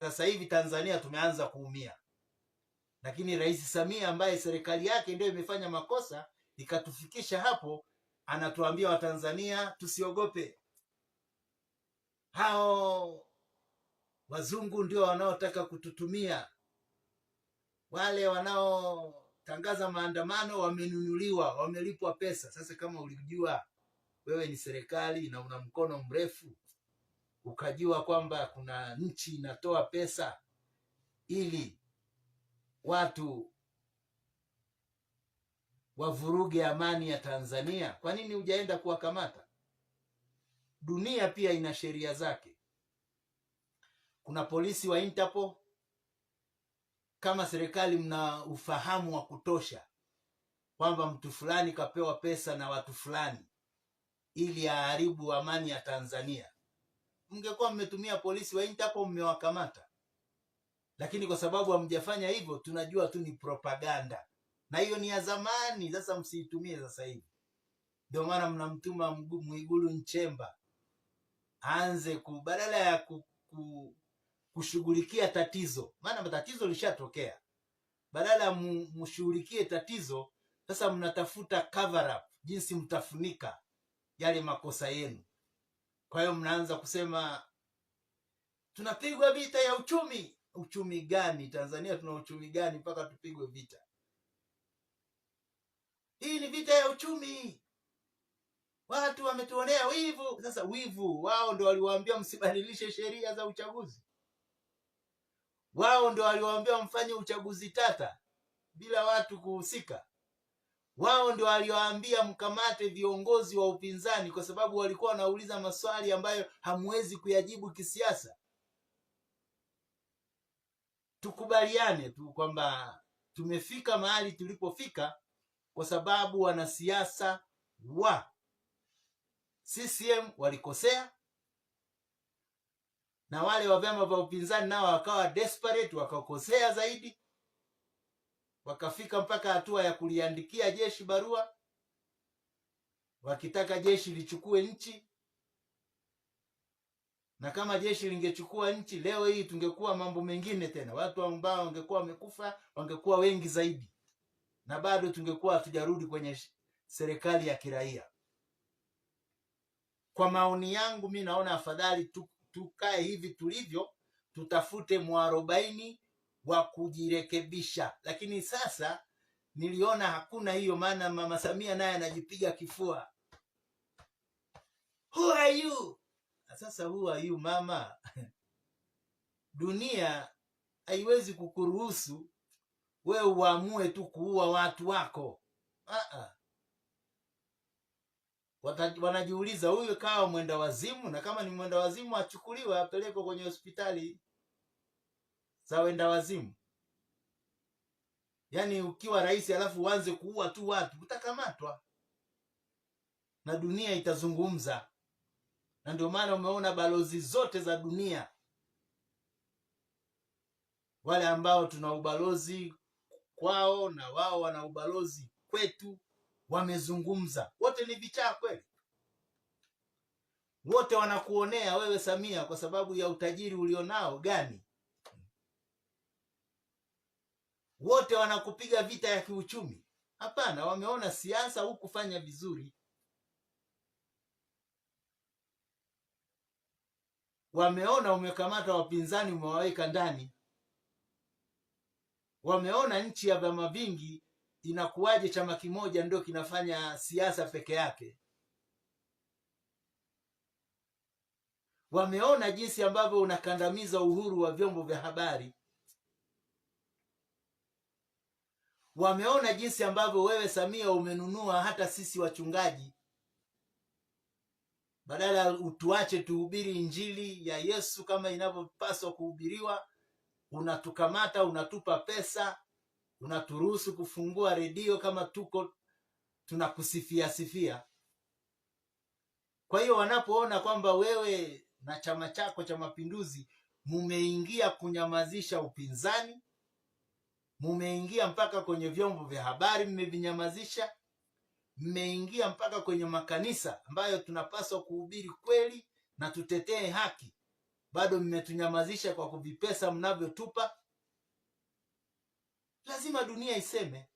Sasa hivi Tanzania tumeanza kuumia, lakini Rais Samia ambaye serikali yake ndio imefanya makosa ikatufikisha hapo, anatuambia Watanzania tusiogope. Hao wazungu ndio wanaotaka kututumia, wale wanaotangaza maandamano wamenunuliwa, wamelipwa pesa. Sasa kama ulijua wewe ni serikali na una mkono mrefu ukajua kwamba kuna nchi inatoa pesa ili watu wavuruge amani ya Tanzania, kwa nini hujaenda kuwakamata? Dunia pia ina sheria zake. Kuna polisi wa Interpol. Kama serikali mna ufahamu wa kutosha kwamba mtu fulani kapewa pesa na watu fulani ili aharibu amani ya Tanzania, mngekuwa mmetumia polisi wa hapo mmewakamata, lakini kwa sababu hamjafanya hivyo, tunajua tu ni propaganda, na hiyo ni ya zamani. Sasa msiitumie sasa hivi. Ndio maana mnamtuma Mwigulu Nchemba aanze ku badala ya ku, ku, kushughulikia tatizo, maana tatizo lishatokea. Badala ya mshughulikie tatizo, sasa mnatafuta cover up, jinsi mtafunika yale makosa yenu. Kwa hiyo mnaanza kusema tunapigwa vita ya uchumi. Uchumi gani? Tanzania tuna uchumi gani mpaka tupigwe vita? Hii ni vita ya uchumi. Watu wametuonea wivu. Sasa wivu wao ndo waliwaambia msibadilishe sheria za uchaguzi, wao ndo waliwaambia mfanye uchaguzi tata bila watu kuhusika. Wao ndio walioambia mkamate viongozi wa upinzani, kwa sababu walikuwa wanauliza maswali ambayo hamwezi kuyajibu kisiasa. Tukubaliane tu kwamba tumefika mahali tulipofika kwa sababu wanasiasa wa CCM walikosea na wale wa vyama vya upinzani nao wakawa desperate wakakosea zaidi wakafika mpaka hatua ya kuliandikia jeshi barua wakitaka jeshi lichukue nchi. Na kama jeshi lingechukua nchi leo hii tungekuwa mambo mengine tena, watu ambao wangekuwa wamekufa wangekuwa wengi zaidi, na bado tungekuwa hatujarudi kwenye serikali ya kiraia. Kwa maoni yangu, mi naona afadhali tukae hivi tulivyo, tutafute mwarobaini wa kujirekebisha, lakini sasa niliona hakuna hiyo, maana mama Samia naye anajipiga kifua, who are you? Sasa who are you mama? Dunia haiwezi kukuruhusu we uamue tu kuua watu wako. Uh-uh. Aa, wanajiuliza huyu kawa mwenda wazimu, na kama ni mwenda wazimu achukuliwe apelekwe kwenye hospitali za wenda wazimu. Yaani ukiwa rais alafu uanze kuua tu watu, utakamatwa na dunia itazungumza, na ndio maana umeona balozi zote za dunia, wale ambao tuna ubalozi kwao na wao wana ubalozi kwetu, wamezungumza wote. Ni vichaa kweli, wote wanakuonea wewe Samia kwa sababu ya utajiri ulionao gani wote wanakupiga vita ya kiuchumi. Hapana, wameona siasa hukufanya vizuri, wameona umekamata wapinzani, umewaweka ndani, wameona nchi ya vyama vingi inakuwaje chama kimoja ndio kinafanya siasa peke yake. Wameona jinsi ambavyo unakandamiza uhuru wa vyombo vya habari. wameona jinsi ambavyo wewe Samia umenunua hata sisi wachungaji, badala utuache tuhubiri injili ya Yesu kama inavyopaswa kuhubiriwa, unatukamata, unatupa pesa, unaturuhusu kufungua redio kama tuko tunakusifia sifia. Kwa hiyo wanapoona kwamba wewe na chama chako cha Mapinduzi mumeingia kunyamazisha upinzani mumeingia mpaka kwenye vyombo vya habari mmevinyamazisha, mmeingia mpaka kwenye makanisa ambayo tunapaswa kuhubiri kweli na tutetee haki, bado mmetunyamazisha kwa kuvipesa mnavyotupa. Lazima dunia iseme.